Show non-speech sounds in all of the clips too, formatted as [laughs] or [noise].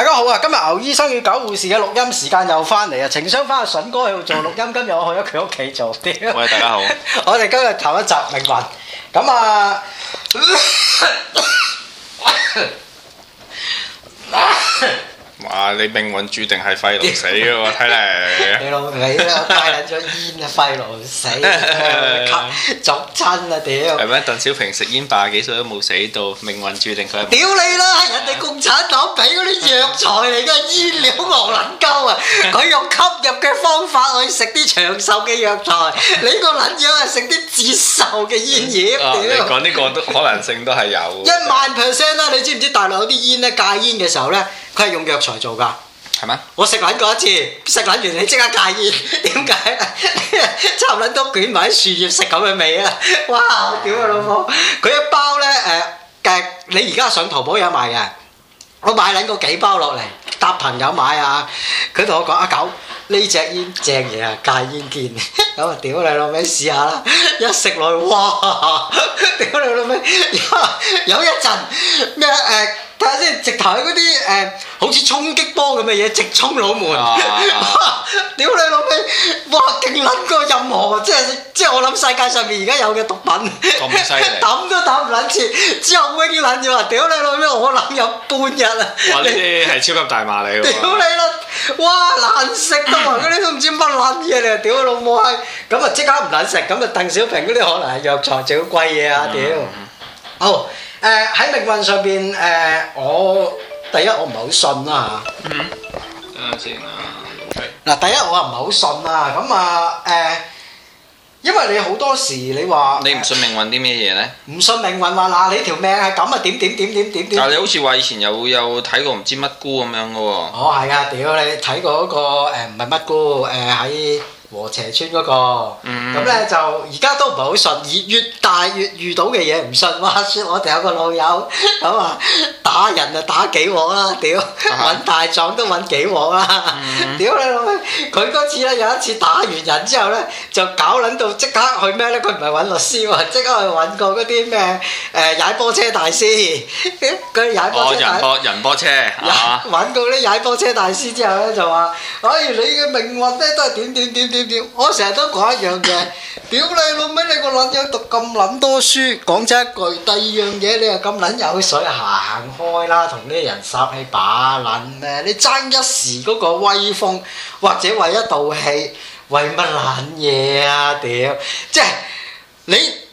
大家好啊！今日牛醫生與狗護士嘅錄音時間又翻嚟啊！情商翻阿筍哥喺度做錄音，嗯、今日我去咗佢屋企做啲。喂，大家好！ [laughs] 我哋今日頭一集命運咁啊。 [laughs] [laughs] [laughs] 哇！你命運注定係肺癆死喎，睇嚟。你老死啦！戒緊張煙啊，肺癆死，吸足親啊屌！係咪啊？鄧小平食煙八十幾歲都冇死到，命運注定佢。屌你啦！人哋共產黨俾嗰啲藥材嚟㗎，煙 [laughs] 料惡撚鳩啊！佢用吸入嘅方法去食啲長壽嘅藥材， [laughs] 你個撚樣係食啲折壽嘅煙葉，屌、 [laughs] 這個！講呢個都可能性都係有。一萬 percent 啦！你知唔知大陸有啲煙呢？戒煙嘅時候呢，佢係用藥。才做噶，係咪？我食捻過一次，食捻完你即刻戒煙，點解？差唔捻多捲埋喺樹葉食咁嘅味啊！哇！屌你老母，佢一包咧誒，嘅你而家上淘寶有賣嘅，我買捻過幾包落嚟搭朋友買啊！佢同我講阿狗，呢隻煙正嘢啊，戒煙見咁啊！屌你老味，試下啦！一食落去哇！屌你老味，有一陣咩誒？睇下先，直頭嗰啲誒，好似衝擊波咁嘅嘢，直衝腦門，啊啊，屌你老味，哇，勁撚過任何，即係即係我諗世界上面而家有嘅毒品，抌 [laughs] 都抌唔撚切。之後烏蠅住咗，屌你老味，我撚有半日啊！哇！呢啲係超級大麻嚟喎！屌你啦，哇難食到啊！嗰啲 [coughs] 都唔知乜撚嘢嚟，屌你老母閪！咁啊即刻唔撚食，咁啊鄧小平嗰啲可能係藥材仲貴嘢啊！屌，好。 [coughs] [coughs] 誒，喺、呃、命運上邊誒、呃，我第一我唔係好信啦吓。嗯，啊。嗱，第一我啊唔係好信啦。咁啊誒，因為你好多時你話，你唔信命運啲咩嘢咧？唔信命運話嗱、呃，你條命係咁啊？點點點點點點。但係你好似話以前有有睇過唔知乜菇咁樣㗎喎、哦。我係啊，屌你睇過嗰、那個誒唔係乜菇誒喺。呃和斜村嗰、那個，咁呢、嗯，就而家都唔係好順，而越大越遇到嘅嘢唔信。話説我哋有個老友咁啊，打人就打幾鑊啦、啊，屌揾、啊、大狀都揾幾鑊啦、啊，屌你老味！佢嗰次呢，次有一次打完人之後呢，就搞撚到即刻去咩呢？佢唔係揾律師喎，即刻去揾個嗰啲咩誒踩波車大師，佢踩波車，揾個啲踩波車大師之後呢，就話：哎，你嘅命運呢，都係點點，點點點點。我成日都講一樣嘢，屌 [laughs] 你老味！你個撚樣讀咁撚多書，講咗一句。第二樣嘢，你又咁撚有水，行開啦！同啲人撒氣把撚啊！你爭一時嗰個威風，或者為一道氣，為乜撚嘢啊？屌，啊，啊啊，即係你。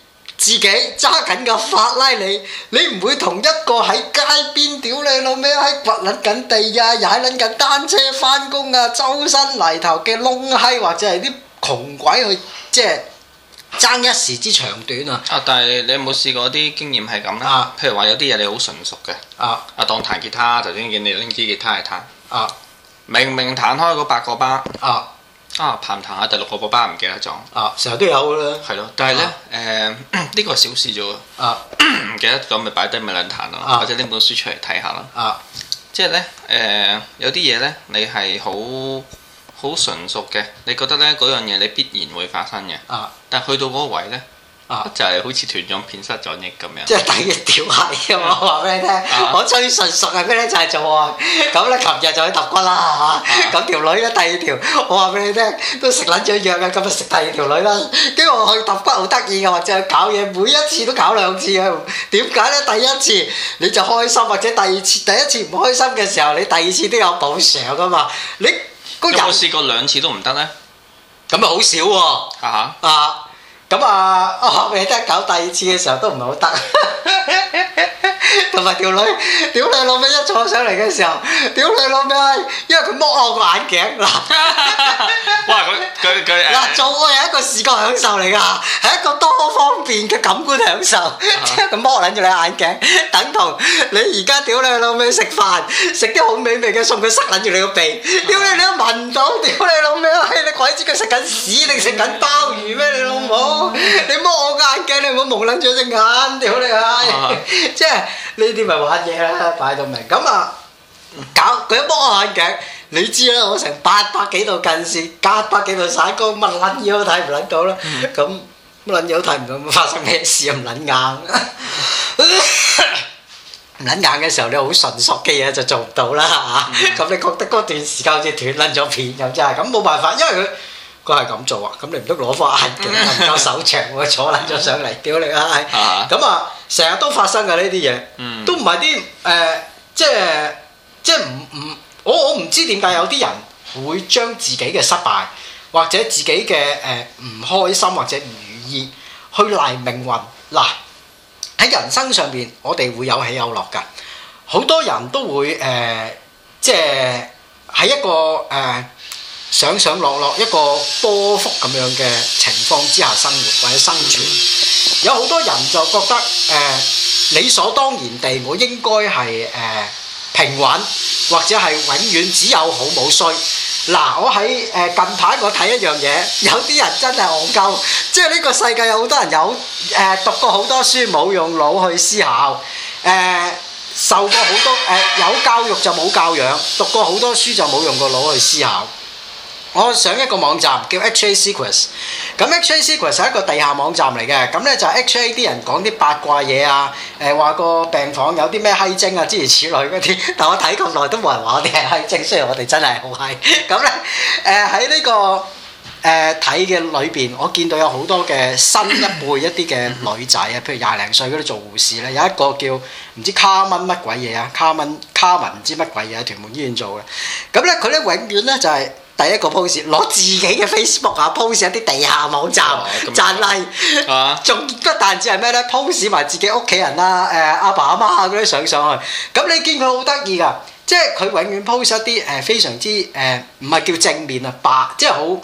自己揸緊架法拉利，你唔會同一個喺街邊屌你老咩，喺掘捻緊地啊，踩捻緊單車翻工啊，周身泥頭嘅窿閪或者係啲窮鬼去即係爭一時之長短啊！啊，但係你，你有冇試過啲經驗係咁咧？啊，啊譬如話有啲嘢你好純熟嘅，啊，彈彈啊，當彈吉他頭先見你拎支吉他嚟彈，啊，明明彈開嗰八個巴。啊。啊，談唔談下第六個爸爸唔記得咗？啊，成日都有噶啦。係咯，但係咧，誒呢、啊呃這個小事啫啊，唔記得咗咪擺低咪論壇咯，啊、或者拎本書出嚟睇下咯。啊，即係咧，誒、呃、有啲嘢咧，你係好好純熟嘅，你覺得咧嗰樣嘢你必然會發生嘅。啊，但係去到嗰個位咧。啊！就係好似斷章片失咗憶咁樣，即係第一條鞋啊！我話俾你聽，我最純熟嘅咧就係做就啊！咁咧、啊，琴日就去揼骨啦嚇，咁條女咧第二條，我話俾你聽都食撚咗藥嘅，咁就食第二條女啦。跟住我去揼骨好得意嘅，或者去搞嘢，每一次都搞兩次啊！點解咧？第一次你就開心，或者第二次第一次唔開心嘅時候，你第二次都有補償噶嘛？你有冇試過兩次都唔得咧？咁咪好少喎！啊啊！啊咁啊，我、哦、記得搞第二次嘅時候都唔係好得。 [laughs] 同埋條女，屌你老味一坐上嚟嘅時候，屌你老味，因為佢摸我個眼鏡嗱， [laughs] 哇佢佢佢做愛係一個視覺享受嚟噶，係一個多方便嘅感官享受，嗯、即係佢摸捻住你眼鏡，等同你而家屌你老味食飯，食啲好美味嘅餸，佢塞捻住你個鼻，屌你你都聞到，屌你老味，你鬼知佢食緊屎定食緊鮑魚咩？你老母，嗯、你摸我個眼鏡，你冇冇捻住隻眼，屌你閪，即係。嗯嗯即呢啲咪玩嘢啦，擺到明咁啊！搞佢一摸我眼鏡，你知啦，我成八百幾度近視，加百幾度散光，乜撚嘢都睇唔撚到啦。咁乜撚嘢都睇唔到，發生咩事唔撚硬。撚硬嘅時候你好純熟嘅嘢就做唔到啦嚇。咁、嗯、 [laughs] 你覺得嗰段時間好似斷撚咗片咁真係，咁冇辦法，因為佢。佢係咁做 [laughs] 啊！咁你唔得攞返眼鏡，唔夠手長，我坐爛咗上嚟，屌你啊！咁啊，成日都發生嘅呢啲嘢，都唔係啲誒，即係即係唔唔，我我唔知點解有啲人會將自己嘅失敗或者自己嘅誒唔開心或者唔如意去賴命運嗱。喺、呃、人生上邊，我哋會有起有落㗎，好多人都會誒、呃，即係喺一個誒。呃上上落落一個波幅咁樣嘅情況之下生活或者生存，有好多人就覺得誒、呃、理所當然地，我應該係誒平穩或者係永遠只有好冇衰。嗱，我喺誒、呃、近排我睇一樣嘢，有啲人真係戇鳩，即係呢個世界有好多人有誒、呃、讀過好多書，冇用腦去思考，誒、呃、受過好多誒、呃、有教育就冇教養，讀過好多書就冇用個腦去思考。我上一個網站叫 H A Secrets，咁 H A Secrets 係一個地下網站嚟嘅，咁咧就 H A 啲人講啲八卦嘢啊，誒話個病房有啲咩閪精啊諸如此類嗰啲，但我睇咁耐都冇人話我哋係閪精，雖然我哋真係好閪。咁咧誒喺呢個誒睇嘅裏邊，我見到有好多嘅新一輩一啲嘅女仔啊，譬如廿零歲嗰啲做護士咧，有一個叫唔知卡文乜鬼嘢啊，卡文卡文唔知乜鬼嘢喺屯門醫院做嘅，咁咧佢咧永遠咧就係。第一個 post 攞自己嘅 Facebook 啊 post 一啲地下網站讚麗，仲不單止係咩咧 post 埋自己屋企人啦、啊，誒、啊、阿爸阿媽嗰啲相上去，咁你見佢好得意㗎，即係佢永遠 post 一啲誒、呃、非常之誒唔係叫正面啊白，即係好誒。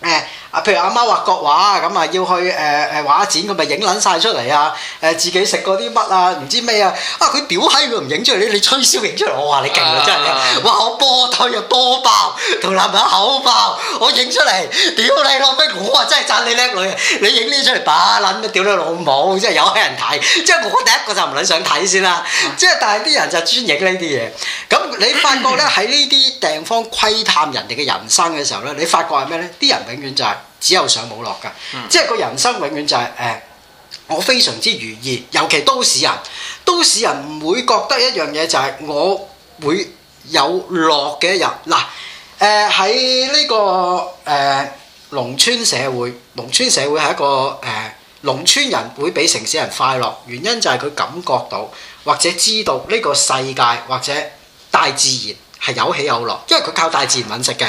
呃譬如阿媽，媽畫國畫，咁啊要去誒誒、呃、畫展，佢咪影撚晒出嚟啊！誒自己食過啲乜啊？唔知咩啊？啊佢屌閪佢唔影出嚟，你你吹簫影出嚟，我話你勁啊真係哇我波頭又波爆同男友口爆，我影出嚟，屌你！老屘我啊真係讚你叻女，你影呢啲出嚟把撚都屌你老母！真係有閪人睇，即係我第一個就唔撚想睇先啦。即係但係啲人就專影呢啲嘢。咁你發覺咧喺呢啲地方窺探人哋嘅人生嘅時候咧，你發覺係咩咧？啲人永遠就係、是。只有上冇落㗎，嗯、即係個人生永遠就係、是、誒、呃，我非常之如意。尤其都市人，都市人唔會覺得一樣嘢就係我會有落嘅一日。嗱，誒喺呢個誒、呃、農村社會，農村社會係一個誒、呃、農村人會比城市人快樂，原因就係佢感覺到或者知道呢個世界或者大自然。係有起有落，因為佢靠大自然揾食嘅，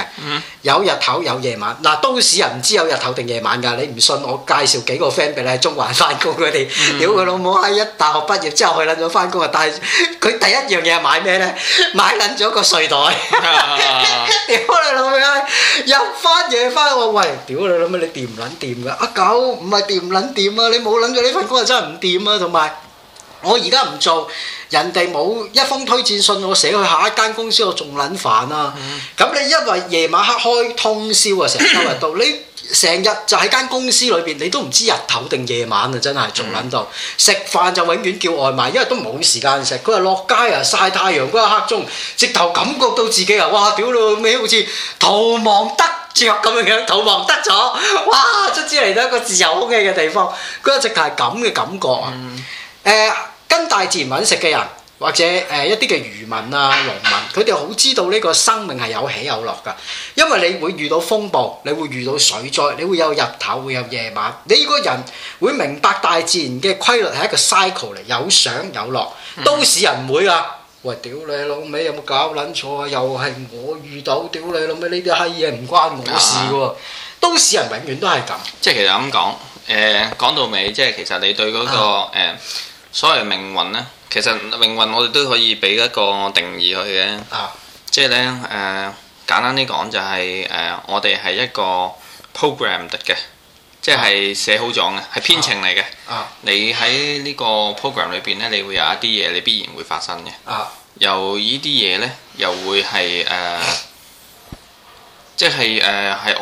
有日頭有夜晚。嗱，都市人唔知有日頭定夜晚㗎。你唔信我介紹幾個 friend 俾你喺中環翻工佢哋，屌佢老母閪！一大學畢業之後去撚咗翻工啊，但係佢第一樣嘢係買咩呢？買撚咗個睡袋，屌你老味閪！入翻夜翻我喂，屌你老味，你掂唔撚掂㗎？阿狗唔係掂唔撚掂啊！你冇撚咗呢份工啊，真係唔掂啊，同埋。我而家唔做，人哋冇一封推薦信，我寫去下一間公司，我仲撚煩啊！咁、mm. 你因為夜晚黑開通宵啊，成日都日到， [coughs] 你成日就喺間公司裏邊，你都唔知日頭定夜晚啊！真係仲撚到、mm. 食飯就永遠叫外賣，因為都冇時間食。佢話落街啊曬太陽嗰一刻鐘，直頭感覺到自己啊，哇！屌到尾好似逃亡得著咁樣樣，逃亡得咗，哇！卒之嚟到一個自由空氣嘅地方，嗰日直頭係咁嘅感覺啊！誒、mm. 呃。跟大自然揾食嘅人，或者誒一啲嘅漁民啊、農民，佢哋好知道呢個生命係有起有落噶。因為你會遇到風暴，你會遇到水災，你會有日頭，會有夜晚。你個人會明白大自然嘅規律係一個 cycle 嚟，有上有落。都市、嗯、人唔會噶、啊。喂，屌你老味，有冇搞撚錯啊？又係我遇到屌你老味，呢啲閪嘢，唔關我的事嘅喎。都市、啊、人永遠都係咁、呃。即係其實咁講，誒講到尾，即係其實你對嗰、嗰個、呃呃所謂命運呢，其實命運我哋都可以俾一個定義佢嘅，即係呢，誒簡單啲講就係誒我哋係一個 program 得嘅，即係寫好咗嘅，係編程嚟嘅。你喺呢個 program 裏邊呢，你會有一啲嘢，你必然會發生嘅。由呢啲嘢呢，又會係誒，即係誒係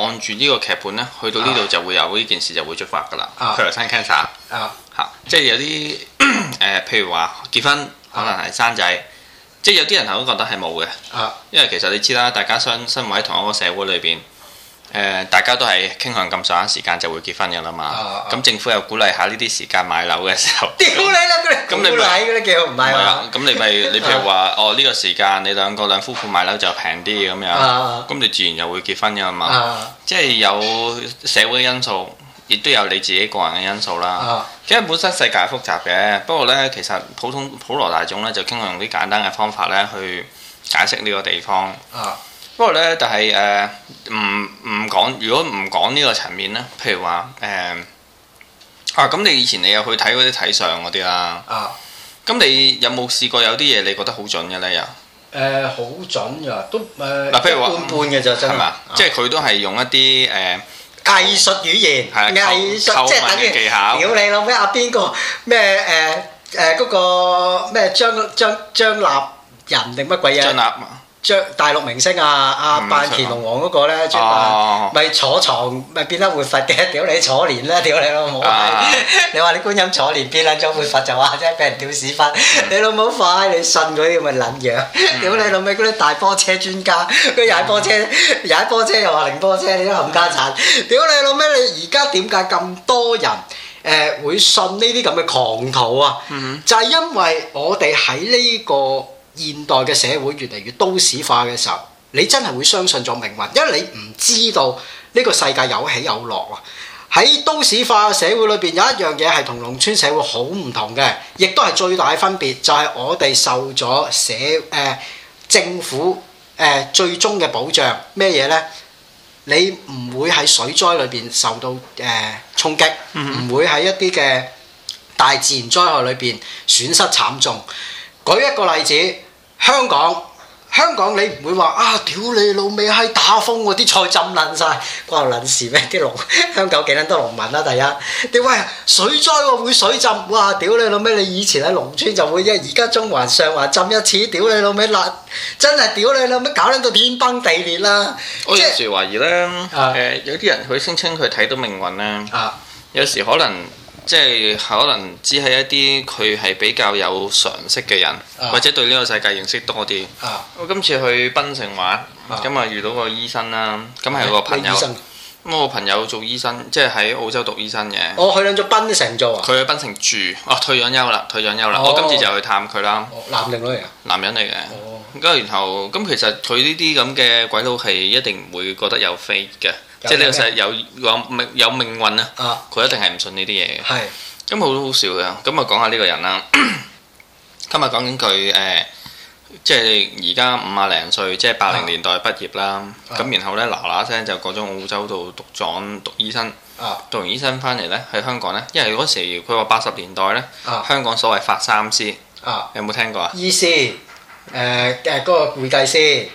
按住呢個劇本呢，去到呢度就會有呢件事就會觸發㗎啦。佢嚟生 cancer 即係有啲。譬如話結婚可能係生仔，即係有啲人係會覺得係冇嘅，因為其實你知啦，大家生活喺同一個社會裏邊，大家都係傾向咁上下時間就會結婚噶啦嘛，咁政府又鼓勵下呢啲時間買樓嘅時候，屌你啦，咁你咁你咪你譬如話哦呢個時間你兩個兩夫婦買樓就平啲咁樣，咁你自然又會結婚噶嘛，即係有社會因素。亦都有你自己個人嘅因素啦。其實本身世界係複雜嘅，不過咧其實普通普羅大眾咧就傾向用啲簡單嘅方法咧去解釋呢個地方。不過咧，但係誒唔唔講，如果唔講呢個層面咧，譬如話誒、呃、啊，咁你以前你有去睇嗰啲睇相嗰啲啦。啊，咁你有冇試過有啲嘢你覺得好準嘅咧？又誒好準呀，都誒，嗱、呃，譬如話半半嘅就真係嘛，即係佢都係用一啲誒。呃藝術語言，的藝術求即係等於技巧，屌你老味啊？邊個咩誒誒嗰個咩張張張立人定乜鬼啊？將大陸明星啊阿半田龍王嗰個咧，咪、啊、坐床，咪變得活佛嘅，屌你坐蓮咧，屌你老母！啊、呵呵你話你觀音坐蓮變撚咗活佛就話，真係俾人屌屎忽！嗯、你老母快，你信嗰啲咪撚樣？屌、嗯、你老味嗰啲大波車專家，佢踩波車踩波車又話零波車，你都冚家鏟！屌你老咩！你而家點解咁多人誒會信呢啲咁嘅狂徒啊？嗯、就係因為我哋喺呢個。現代嘅社會越嚟越都市化嘅時候，你真係會相信咗命運，因為你唔知道呢個世界有起有落啊！喺都市化嘅社會裏邊，有一樣嘢係同農村社會好唔同嘅，亦都係最大嘅分別，就係、係、我哋受咗社誒、呃、政府誒、呃、最終嘅保障，咩嘢呢？你唔會喺水災裏邊受到誒、呃、衝擊，唔、嗯、會喺一啲嘅大自然災害裏邊損失慘重。舉一個例子。香港，香港你唔會話啊！屌你老味，係打風嗰啲菜浸爛晒」。關我撚事咩？啲農鄉郊幾撚多農民啊？第一，屌喂，水災我、啊、會水浸，哇！屌你老味」，你以前喺農村就會一，而家中環上環浸一次，屌你老味」啦！真係屌你老味」搞撚到天崩地裂啦、啊！我有時懷疑咧，誒、呃呃呃、有啲人佢聲稱佢睇到命運咧，啊、有時可能。即係可能只係一啲佢係比較有常識嘅人，啊、或者對呢個世界認識多啲。啊、我今次去檳城玩，咁啊遇到個醫生啦，咁、啊、有個朋友。醫我個朋友做醫生，即係喺澳洲讀醫生嘅。我去、哦、兩座檳城做啊。佢喺檳城住，哦，退咗休啦，退咗休啦。哦、我今次就去探佢啦、哦。男定女啊？男人嚟嘅。哦咁然後咁其實佢呢啲咁嘅鬼佬係一定唔會覺得有 fake 嘅，即係呢個世有命有，有命運啊！佢、uh, 一定係唔信呢啲嘢嘅。係咁好多好笑嘅，咁啊講下呢個人啦。 [coughs] 今日講緊佢誒，即係而家五啊零歲，即係八零年代畢業啦。咁、uh, 然後咧嗱嗱聲就過咗澳洲度讀咗，讀醫生，uh, 讀完醫生翻嚟咧喺香港咧，因為嗰時佢話八十年代咧，uh, 香港所謂發三師，uh, 有冇聽過啊？醫師。誒誒，嗰、呃嗰個會計師，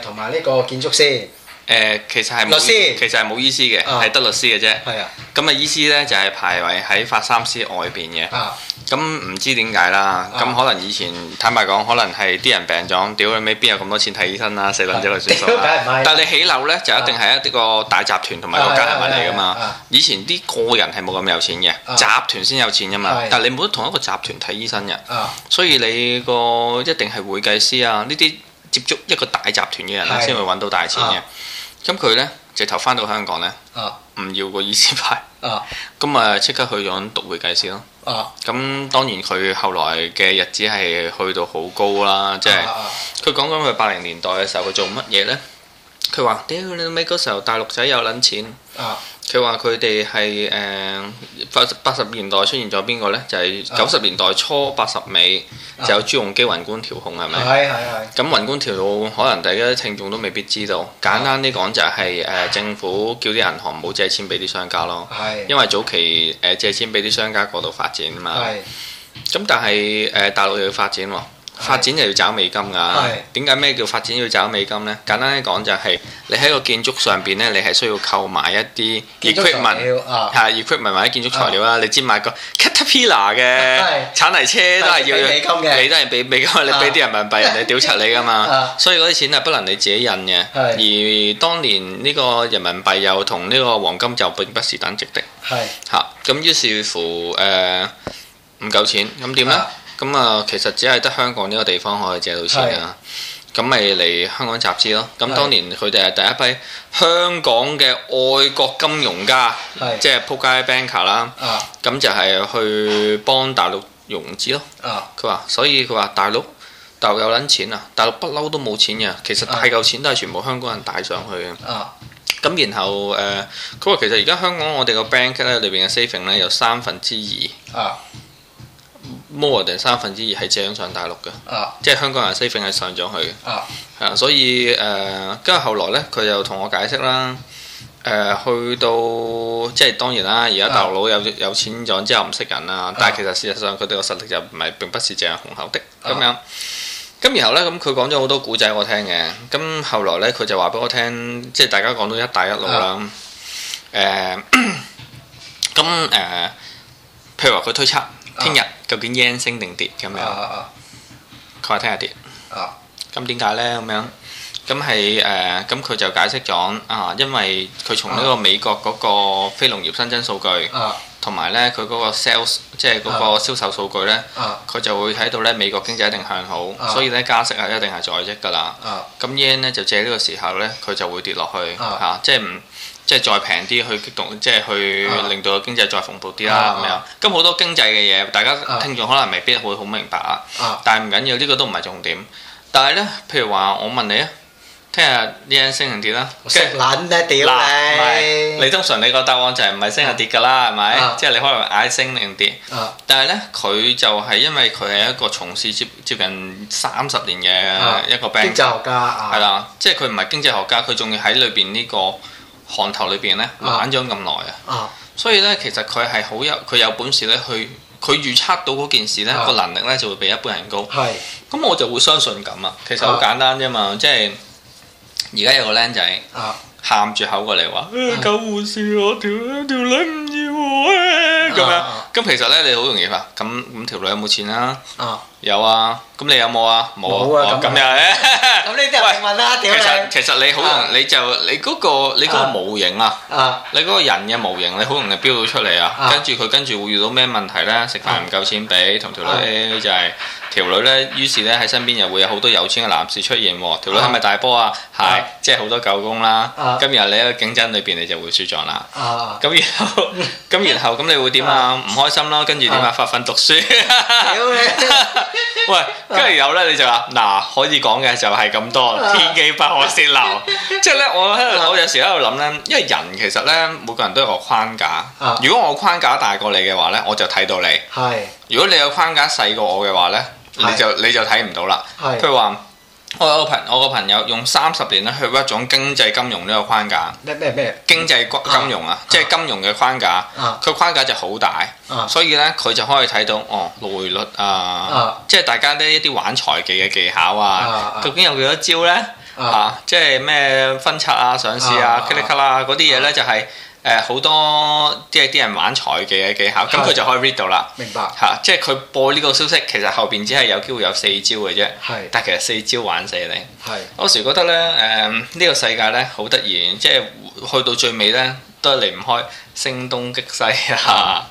同埋呢個建築師，誒其實係冇，其實係冇醫師嘅，係得律師嘅啫。係啊，咁啊，醫師咧就係排位喺法三師外邊嘅。啊。咁唔知點解啦。咁可能以前坦白講，可能係啲人病咗，屌你未必有咁多錢睇醫生啦，死輪仔去算數啦。但你起樓咧，啊、就一定係一個大集團同埋個家下人嚟噶嘛。以前啲個人係冇咁有錢嘅，集團先有錢噶嘛。但你冇得同一個集團睇醫生嘅，所以你個一定係會計師啊呢啲接觸一個大集團嘅人先會揾到大錢嘅。咁佢呢，直頭翻到香港呢，唔要個醫師牌，咁啊即刻去咗讀會計師咯。咁、啊、當然佢後來嘅日子係去到好高啦，即係佢講講佢八零年代嘅時候，佢做乜嘢呢？佢話：屌你尾嗰時候，大陸仔有撚錢。佢話佢哋係誒八八十年代出現咗邊個呢？就係九十年代初八十尾，就有朱鎔基宏觀調控係咪？係係係。咁宏觀調控可能大家聽眾都未必知道。簡單啲講就係、是呃、政府叫啲銀行唔好借錢俾啲商家咯。因為早期借錢俾啲商家過度發展啊嘛。咁但係誒、呃、大陸又要發展喎。發展就要找美金噶，點解咩叫發展要找美金呢？簡單啲講就係你喺個建築上邊咧，你係需要購買一啲 equipment，或者建築材料啦。你知買個 Caterpillar 嘅鏟泥車都係要美金嘅，你都係俾美金，你俾啲人民幣，人哋屌柒你噶嘛。所以嗰啲錢係不能你自己印嘅。而當年呢個人民幣又同呢個黃金就並不是等值的。嚇，咁於是乎誒唔夠錢，咁點呢？咁啊，其實只係得香港呢個地方可以借到錢啊，咁咪嚟香港集資咯。咁當年佢哋係第一批香港嘅愛國金融家，是即係仆街 banker 啦、啊。咁就係去幫大陸融資咯。佢話、啊，所以佢話大陸大陸有撚錢啊，大陸不嬲都冇錢嘅。其實大嚿錢都係全部香港人帶上去嘅。咁、啊、然後誒，佢、呃、話其實而家香港我哋個 bank 咧裏邊嘅 saving 咧有三分之二。啊 more than 三分之二係正上大陸嘅，uh, 即係香港人 saving 係上咗去嘅，係啊、uh，所以誒，跟、呃、住後，後來咧，佢就同我解釋啦，誒、呃，去到即係當然啦，而家大陸佬有、uh, 有錢咗之後唔識人啦，uh, 但係其實事實上佢哋個實力就唔係並不是正這樣雄厚的咁樣，咁、uh, 然後咧咁佢講咗好多古仔我聽嘅，咁後，後來咧佢就話俾我聽，即係大家講到一帶一路啦，誒，咁誒，譬如話佢推測。聽日究竟 yen 升定跌咁樣？佢話聽日跌。咁點解呢？咁樣，咁係誒，咁、呃、佢就解釋咗啊，因為佢從呢個美國嗰個非農業新增數據，同埋、啊、呢佢嗰個 sales，即係嗰個銷售數據咧，佢、啊、就會睇到呢美國經濟一定向好，啊、所以呢加息啊一定係在即㗎啦。咁 yen 咧就借呢個時候呢，佢就會跌落去吓，即係唔。就是即係再平啲去激動，即係去令到個經濟再蓬勃啲啦。咁樣咁好多經濟嘅嘢，大家聽眾可能未必會好明白啊。但係唔緊要呢個都唔係重點。但係呢，譬如話我問你啊，聽日呢間升定跌啦。識撚咩屌你？你通常你個答案就係唔係升定跌噶啦？係咪？即係你可能嗌升定跌。但係呢，佢就係因為佢係一個從事接接近三十年嘅一個經濟學家，係啦，即係佢唔係經濟學家，佢仲要喺裏邊呢個。行頭裏邊咧玩咗咁耐啊，啊，所以咧其實佢係好有佢有本事咧去佢預測到嗰件事咧個、啊、能力咧就會比一般人高，咁係我就會相信咁啊。其實好簡單啫嘛，啊、即係而家有個僆仔。啊喊住口過嚟話：救護士我條條女唔要我啊！咁樣咁其實咧你好容易啊！咁咁條女有冇錢啊？有啊！咁你有冇啊？冇啊！咁又咧？咁呢啲係問啦！屌你！其實其實你好容易就你嗰個你個模型啊！你嗰個人嘅模型你好容易標到出嚟啊！跟住佢跟住會遇到咩問題咧？食飯唔夠錢俾同條女就係條女咧，於是咧喺身邊又會有好多有錢嘅男士出現喎。條女係咪大波啊？係即係好多狗公啦！今日你喺個競爭裏邊，你就會輸咗啦。咁然後咁然後咁，你會點啊？唔開心啦，跟住點啊？發奮讀書。喂，跟住有咧，你就話：「嗱，可以講嘅就係咁多，天機不可泄漏。」即係咧，我喺度，我有時喺度諗咧，因為人其實咧，每個人都有個框架。如果我框架大過你嘅話咧，我就睇到你。係。如果你有框架細過我嘅話咧，你就你就睇唔到啦。係。譬如話。我個朋我個朋友用三十年咧學一種經濟金融呢個框架。咩咩咩？經濟金融啊，即係金融嘅框架。佢框架就好大，所以咧佢就可以睇到哦，匯率啊，即係大家呢一啲玩財技嘅技巧啊，究竟有幾多招咧？啊，即係咩分拆啊、上市啊、霹靂卡啦嗰啲嘢咧，就係。誒好多即係啲人玩財技嘅技巧，咁佢就可以 read 到啦。明白嚇、啊，即係佢播呢個消息，其實後邊只係有機會有四招嘅啫。係是，但係其實四招玩死你。係是，我時覺得咧，誒、嗯、呢、這個世界咧好突然，即係去到最尾咧都係離唔開聲東擊西啊，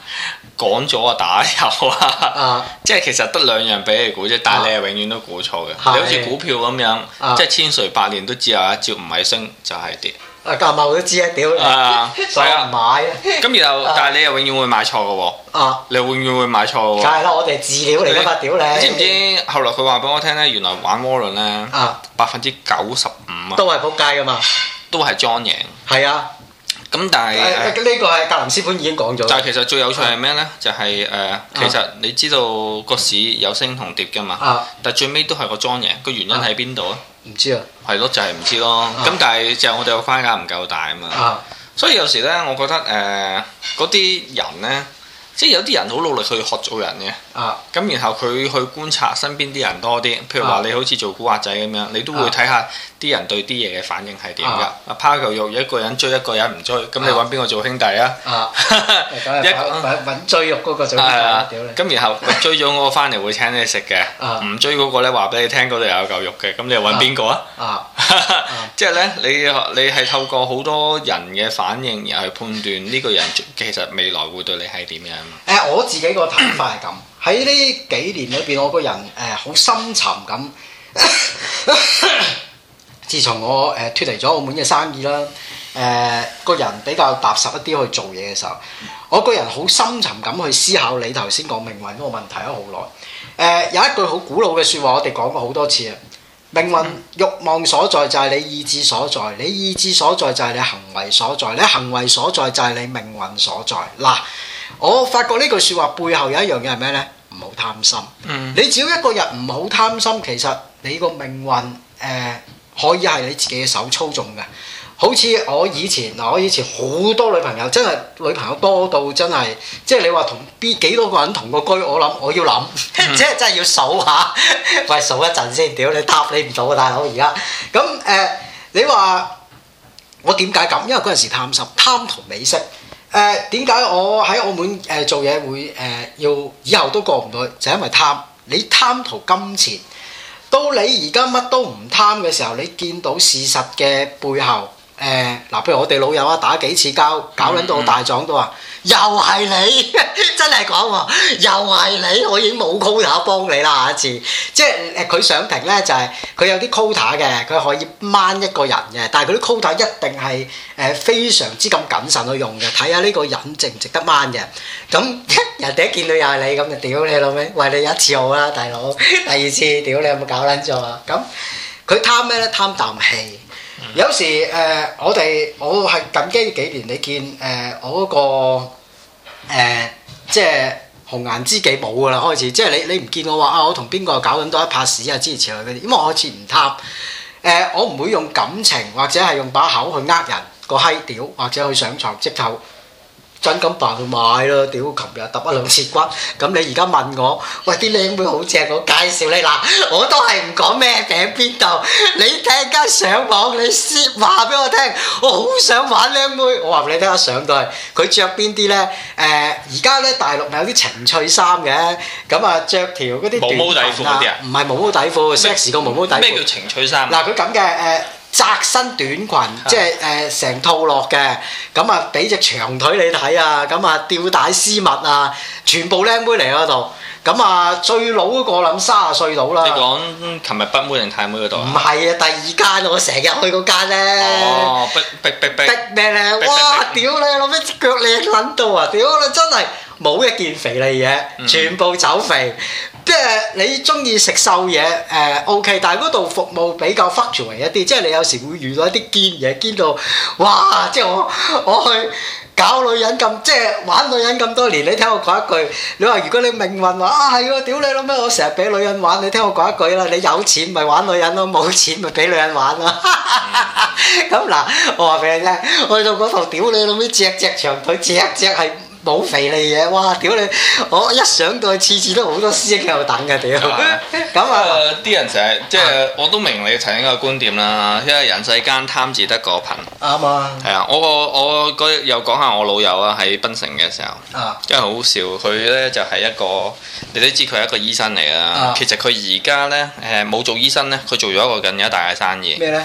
講咗啊打油啊，啊即係其實得兩樣俾你估啫，但係你係永遠都估錯嘅。啊、你好似股票咁樣，是啊、即係千錘百煉都只有一招，唔係升就係跌。啊！交易我都知啊，屌你，所以唔買。咁、啊、然後，但係你又永遠會買錯嘅喎。啊，你永遠會買錯梗係啦，我哋資料嚟噶嘛，屌你！啊、你知唔知後來佢話俾我聽咧？原來玩窩輪咧，百分之九十五啊，都係撲街啊嘛，都係裝贏。係啊。咁但係呢、呃、個係格林斯潘已經講咗。但係其實最有趣係咩呢？就係誒，其實你知道個市有升同跌嘅嘛。啊！但最尾都係個莊贏，個原因喺邊度啊？唔知，知啊。係咯，就係唔知咯。咁但係就係我哋個框架唔夠大啊嘛。啊！所以有時呢，我覺得誒嗰啲人呢，即係有啲人好努力去學做人嘅。咁、啊、然後佢去觀察身邊啲人多啲，譬如話你好似做古惑仔咁樣，你都會睇下、啊。啲人對啲嘢嘅反應係點㗎？啊，拋嚿肉，一個人追一個人唔追，咁你揾邊個做兄弟啊？啊，揾追肉嗰個、啊、做兄弟屌！咁、啊、然後追咗嗰個翻嚟會請你食嘅，唔、啊、追嗰個咧話俾你聽，嗰度有嚿肉嘅，咁你又揾邊個啊？啊啊 [laughs] 即係呢，你你係透過好多人嘅反應然後去判斷呢、呢個人其實未來會對你係點嘅。我自己個睇法係咁，喺呢 [coughs] 幾年裏邊，我個人誒好深沉咁。啊 [coughs] 自從我誒脱、呃、離咗澳門嘅生意啦，誒、呃、個人比較踏實一啲去做嘢嘅時候，我個人好深沉咁去思考你頭先講命運嗰個問題好耐，誒有一句好古老嘅説話，我哋講過好多次啊。命運慾望所在就係你意志所在，你意志所在就係你行為所在，你行為所在就係你命運所在嗱。我發覺呢句説話背後有一樣嘢係咩咧？唔好貪心。嗯。你只要一個人唔好貪心，其實你個命運誒。呃可以係你自己嘅手操縱嘅，好似我以前嗱，我以前好多女朋友，真係女朋友多到真係，即係你話同 B 幾多個人同個居，我諗我要諗，mm hmm. 即係真係要數下，喂數一陣先，屌你答你唔到啊大佬而家，咁誒、呃、你話我點解咁？因為嗰陣時貪心，貪圖美色。誒點解我喺澳門誒、呃、做嘢會誒要、呃、以後都過唔到去？就係，因為貪，你貪圖金錢。到你而家乜都唔貪嘅時候，你見到事實嘅背後，誒、呃、嗱，譬如我哋老友啊，打幾次交，搞卵到我大狀都話。又係你，真係講喎！又係你，我已經冇 quota 幫你啦，下一次。即係誒，佢上庭咧就係佢有啲 quota 嘅，佢可以掹一個人嘅，但係佢啲 quota 一定係誒非常之咁謹慎去用嘅，睇下呢個人值唔值得掹嘅。咁人哋一見到又係你，咁就屌你老味，為你一次好啦，大佬，第二次屌你有冇搞撚咗啊？咁佢貪咩咧？貪啖氣。有時誒、呃，我哋我係近幾年，你見誒、呃、我嗰、嗰個、呃、即係紅顏知己冇噶啦，開始即係你你唔見我話啊，我同邊個搞咁多一拍屎啊，之前前嗰啲，因為我開始終唔貪誒，我唔會用感情或者係用把口去呃人個閪屌，或者去上牀積扣真金白買咯屌！琴日揼一兩次骨，咁你而家問我，喂，啲靚妹好正，我介紹你嗱，我都係唔講咩。喺邊度？你睇下上網，你話俾我聽，我好想玩靚妹，妹。我話俾你睇下上到去，佢着邊啲呢？誒、呃，而家呢大陸咪有啲情趣衫嘅？咁、嗯、啊，着條嗰啲毛毛底褲嗰啲啊？唔係毛毛底褲，sexy 過毛毛底褲。咩麼叫情趣衫啊？嗱，佢咁嘅誒窄身短裙，的即係誒成套落嘅。咁啊，俾隻長腿你睇啊！咁啊，吊帶絲襪啊，全部靚妹嚟嗰度。咁啊，最老嗰個諗卅歲到啦。你講琴日北妹定太妹嗰度？唔係啊，第二間我成日去嗰間咧。哦，逼逼逼逼！命咧，哇屌你，攞咩腳你！撚到啊！屌你真係冇一件肥膩嘢，全部走肥。即係你中意食瘦嘢誒 OK，但係嗰度服務比較 fuck you 一啲，即係你有時會遇到一啲堅嘢，堅到哇！即係我我去。搞女人咁即係玩女人咁多年，你聽我講一句，你話如果你命運話啊係喎，屌你老味，我成日俾女人玩，你聽我講一句啦，你有錢咪玩女人咯，冇錢咪俾女人玩咯。咁 [laughs] 嗱，我話俾你聽，去到嗰度，屌你老味，只隻長腿，只只係。冇肥膩嘢，哇！屌你，我一上到去，次次都好多師兄喺度等嘅，屌！咁吧啊，啲、呃呃、人成日即係、啊、我都明你曾經嘅觀點啦，因為人世間貪字得個貧，啱啊，係啊，我個我，我又講下我老友啊，喺檳城嘅時候，啊，真係好笑，佢咧就係一個，你都知佢係一個醫生嚟啊，其實佢而家咧誒冇做醫生咧，佢做咗一個更加大嘅生意，咩咧？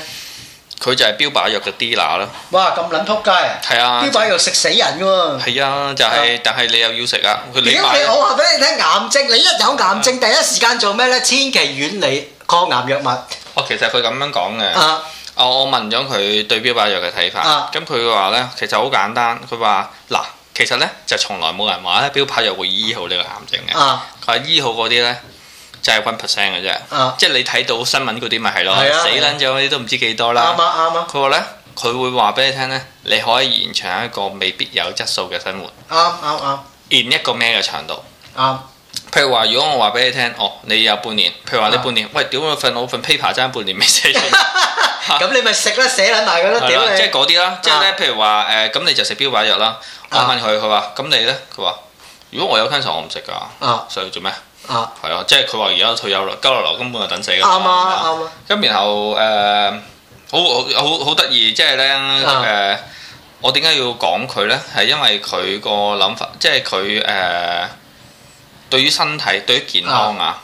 佢就係標靶藥嘅 DNA 咯。哇，咁撚撲街！係啊，標靶藥食死人嘅喎。係啊，就係，但係你又要食啊。屌你，我話俾你聽，癌症你一有癌症，第一時間做咩呢？千祈遠離抗癌藥物。哦，其實佢咁樣講嘅。啊，我我問咗佢對標靶藥嘅睇法。啊，咁佢話呢，其實好簡單。佢話嗱，其實呢，就從來冇人話咧標靶藥會醫好呢個癌症嘅。佢話醫好嗰啲呢。即係 one percent 嘅啫，即係你睇到新聞嗰啲咪係咯，死撚咗嗰啲都唔知幾多啦。啱啊啱佢話咧，佢會話俾你聽咧，你可以延長一個未必有質素嘅生活。啱啱啱。延一個咩嘅長度？啱。譬如話，如果我話俾你聽，哦，你有半年，譬如話你半年，喂，屌我份我份 paper 爭半年未寫完，咁你咪食啦，死撚埋佢咯，屌你。即係嗰啲啦，即係咧，譬如話誒，咁你就食標靶藥啦。我問佢，佢話，咁你咧？佢話：如果我有 cancer，我唔食㗎。啊，所以做咩？啊，係啊，即係佢話而家退休啦，交落嚟根本就等死啦。啱啊，啱啊。咁、啊、然後誒、呃，好好好得意，即係咧誒，我點解要講佢咧？係因為佢個諗法，即係佢誒對於身體對於健康啊，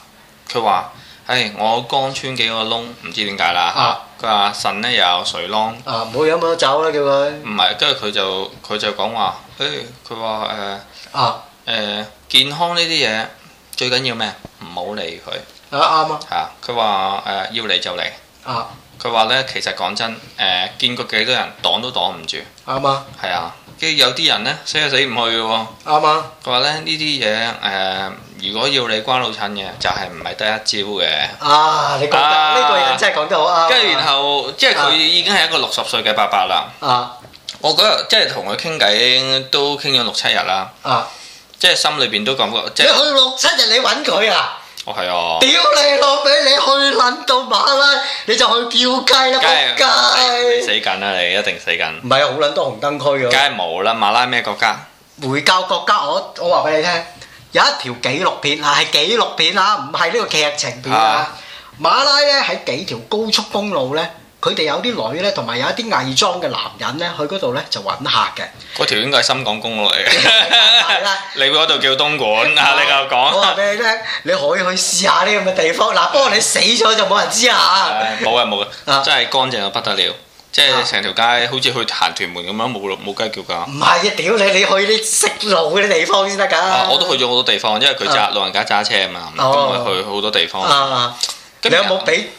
佢話誒我肝穿幾個窿，唔知點解啦吓。佢話腎咧又有水窿。啊，唔好飲咁多酒啦，叫佢唔係，跟住佢就佢就講話，誒，佢話誒誒健康呢啲嘢。最緊要咩？唔好理佢。啊，啱啊！嚇，佢話誒要嚟就嚟。啊！佢話咧，其實講真，誒見過幾多人擋都擋唔住。啱啊！係啊，跟住有啲人咧，死都死唔去嘅喎。啱啊！佢話咧，呢啲嘢誒，如果要你關老襯嘅，就係唔係得一招嘅。啊，你覺得呢個人真係講得好啱。跟住然後，即係佢已經係一個六十歲嘅伯伯啦。啊！我覺得即係同佢傾偈都傾咗六七日啦。啊！即係心裏邊都感覺，即係你去六七日你搵佢啊？哦係啊！屌你老尾，你去撚到馬拉你就去吊雞啦！撲街死緊啦！你一定死緊。唔係啊，好撚多紅燈區嘅。梗係冇啦，馬拉咩國家？回教國家，我我話俾你聽，有一條紀錄片啊，係紀錄片啊，唔係呢個劇情片啊。馬拉咧喺幾條高速公路咧？佢哋有啲女咧，同埋有一啲偽裝嘅男人咧，去嗰度咧就揾客嘅。嗰條應該係深港公路嚟嘅。 [laughs] [laughs] 你嗰度叫東莞我啊？你又講，我話俾你聽，你可以去試下呢咁嘅地方。嗱、啊，不過你死咗就冇人知啊。冇啊，冇啊，真係乾淨到不得了，啊、即係成條街好似去行屯門咁樣，冇冇雞叫㗎。唔係啊，屌你！你去啲識路嗰啲地方先得㗎。我都去咗好多地方，因為佢揸、啊、老人家揸車啊嘛，都、啊、去好多地方。啊、你有冇俾？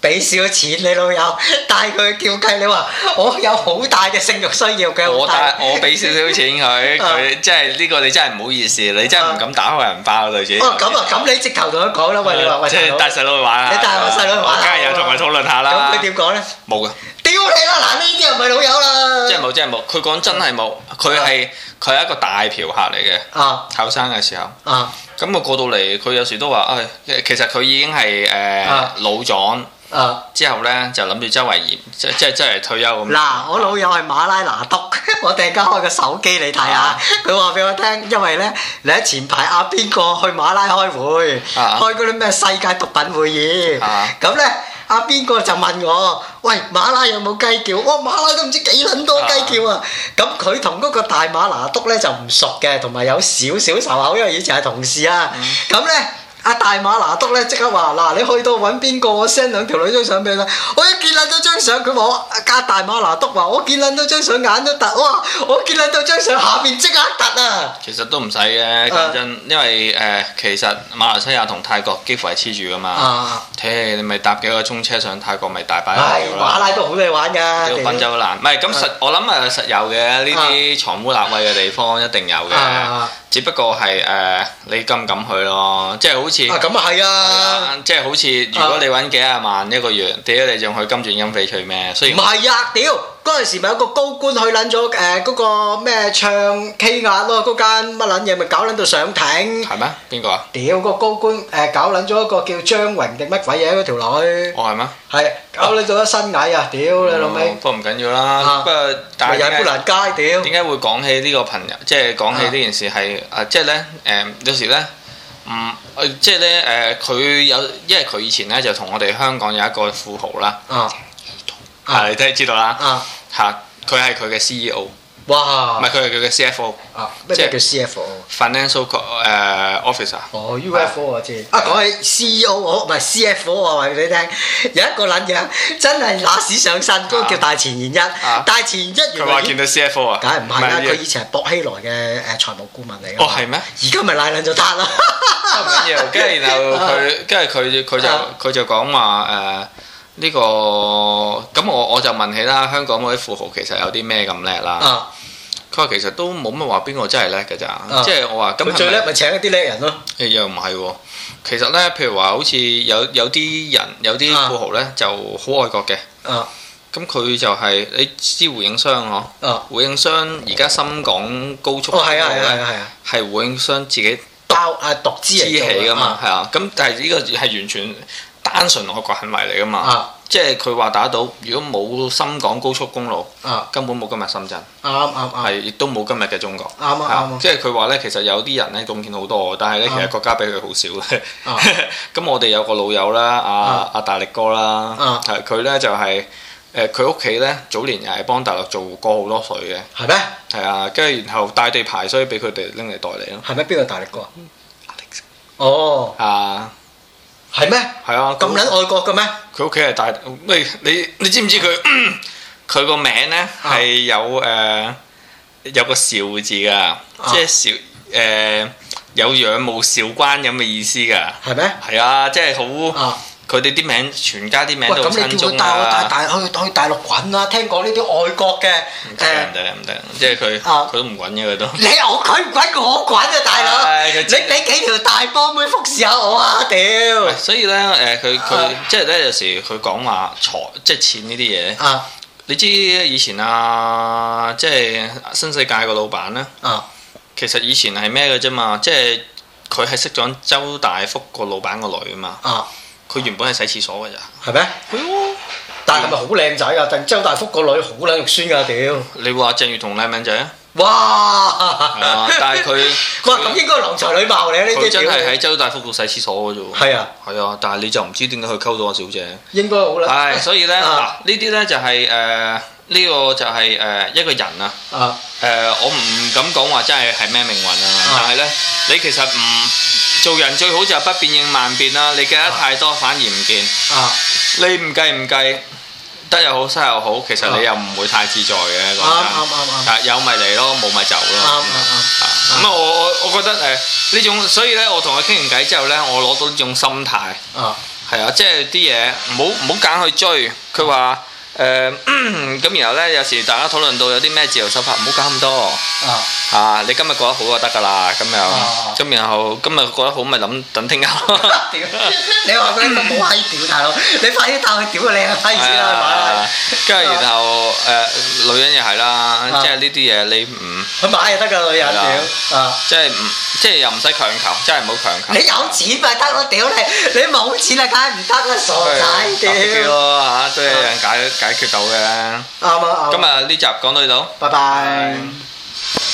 俾少錢你老友，但係佢叫雞你話，我有好大嘅性欲需要，佢好大。我我俾少少錢佢，佢 [laughs] 即係呢、呢個你真係唔好意思，你真係唔敢打開人包對住。哦，咁啊，咁你直頭同佢講啦，喂，你話了，即係喂帶細佬去玩啊！了你帶我細佬去玩我啊！梗係 [laughs] 有同佢討論下啦。咁佢點講咧？冇噶。屌你啦！嗱，呢啲又唔係老友啦。即係冇，即係冇。佢講真係冇，佢係佢係一個大嫖客嚟嘅。啊，後生嘅時候。啊，咁我過到嚟，佢有時都話，唉，其實佢已經係誒老咗。啊，之後咧就諗住周圍鹽，即即係即係退休咁。嗱，我老友係馬拉拿督。我突然間開個手機你睇下，佢話俾我聽，因為咧你喺前排阿邊個去馬拉開會，開嗰啲咩世界毒品會議，咁咧。阿邊個就問我，喂，馬拉有冇雞叫？我、哦、馬拉都唔知幾撚多，多雞叫啊！咁佢同嗰個大馬拿督咧就唔熟嘅，同埋有少少仇口，因為以前係同事啊。咁咧、嗯。阿大馬拿督咧即刻話嗱，你去到揾邊個？我 send 兩條女張相俾你。我一見撚到張相，佢話我加大馬拿督話，我見撚到張相眼都突。哇！我見撚到張相下邊即刻突啊！其實都唔使嘅，家陣、啊、因為誒、呃、其實馬來西亞同泰國幾乎係黐住噶嘛。啊欸、你咪搭幾個鐘車上泰國，咪大擺。哇！馬拉都好多嘢玩㗎？就好難唔係咁實，啊、我諗啊實有嘅呢啲藏污納位嘅地方一定有嘅，只不過係誒、呃、你敢唔敢去咯？即係好似。啊咁啊係啊，即係好似如果你搵幾廿萬一個月，屌你仲去金鑽陰翡翠咩？所以唔係呀！屌，嗰陣時咪有個高官去撚咗誒嗰個咩唱 K 壓咯，嗰間乜撚嘢咪搞撚到上庭？係咩？邊個啊？屌個高官誒搞撚咗一個叫張榮定乜鬼嘢嗰條女？哦係咩？係搞撚咗一身蟻啊！屌你老味，不過唔緊要啦。嚇，咪又係搬難街屌？點解會講起呢個朋友？即係講起呢件事係啊，即係咧誒有時咧。嗯誒、呃，即係咧誒，佢、呃、有，因為佢以前咧就同我哋香港有一個富豪啦、啊啊，你都係知道啦，嚇、啊，佢係佢嘅 CEO。他哇！唔係佢係佢嘅 CFO 啊，即係叫 CFO，financial co 誒 officer。哦 UFO 我知啊，講起 CEO 唔係 CFO 我話你聽，有一個撚嘢真係拿屎上身，嗰個叫大前研一，大前研一佢話見到 CFO 啊，梗係唔係啦？佢以前係薄熙來嘅誒財務顧問嚟嘅。哦係咩？而家咪賴撚就彈啦。乜嘢？跟住然後佢，跟住佢佢就佢就講話誒。呢個咁我我就問起啦，香港嗰啲富豪其實有啲咩咁叻啦？佢話其實都冇乜話邊個真係叻㗎咋，即係我話咁最叻咪請一啲叻人咯。誒又唔係喎，其實咧，譬如話好似有有啲人有啲富豪咧就好愛國嘅。啊，咁佢就係你知胡應湘嗬？啊，胡應湘而家深港高速路咧，係胡應湘自己包啊獨資起㗎嘛，係啊。咁但係呢個係完全單純外國行為嚟噶嘛，即係佢話打到，如果冇深港高速公路，根本冇今日深圳，係亦都冇今日嘅中國。即係佢話呢，其實有啲人呢，貢獻好多，但係呢，其實國家俾佢好少。咁我哋有個老友啦，阿阿大力哥啦，係佢呢就係佢屋企呢，早年又係幫大陸做過好多水嘅。係咩？係啊，跟住然後大地排水俾佢哋拎嚟代理咯。係咩？邊個大力哥？哦，啊。係咩？係啊，咁撚她外國嘅咩？佢屋企係大，你你你知唔知佢佢個名咧係、啊、有誒、呃、有個韶字㗎，啊、即係韶誒有仰慕韶關咁嘅意思㗎。係咩嗎？係啊，即係好。啊。佢哋啲名，全家啲名都咁，你叫佢帶我帶大去去大陸滾啊！聽講呢啲外國嘅唔得，唔得唔得，即係佢佢都唔滾嘅佢都。你我佢唔滾，我滾啊大佬！你俾幾條大波妹服侍下我啊屌！所以咧誒，佢佢即係咧有時佢講話財即係錢呢啲嘢。啊！你知以前啊，即係新世界個老闆咧。啊！其實以前係咩嘅啫嘛？即係佢係識咗周大福個老闆個女啊嘛。啊！佢原本係洗廁所㗎咋嗎，係咩、嗯？但係係咪好靚仔啊？定周嗎大福個女好撚肉酸㗎、啊、屌！你話鄭裕彤靚唔靚仔啊？哇！係啊，但係佢哇，咁應該郎才女貌咧，呢啲真係喺周大福度洗廁所嘅啫喎。係啊，係啊，但係你就唔知點解佢溝到啊，小姐。應該好啦。係，所以咧嗱，呢啲咧就係誒呢個就係誒一個人啊。啊。誒，我唔敢講話真係係咩命運啊！但係咧，你其實唔做人最好就係不變應萬變啦。你計得太多反而唔見。啊。你唔計唔計？得又好，失又好，其實你又唔會太自在嘅，係嘛？但有咪嚟咯，冇咪走咯。啱啱啱。咁啊，我我覺得誒呢種，所以咧，我同佢傾完偈之後咧，我攞到呢種心態。啊，係啊，即係啲嘢唔好唔好揀去追。佢話。啊。誒咁然後咧，有時大家討論到有啲咩自由手法，唔好搞咁多啊，你今日過得好就得㗎啦，咁又咁然後今日過得好咪諗等聽日。屌，你話佢好閪屌大佬，你快啲探佢屌個靚閪先啦，買啦！跟住然後誒女人又係啦，即係呢啲嘢你唔去買就得㗎女人屌，即係唔即係又唔使強求，真係唔好強求。你有錢咪得咯屌你！你冇錢啊，梗係唔得啦傻仔屌嚇對人解解。解決到嘅啦，啱啊，今日呢集講到呢度，拜拜。拜拜。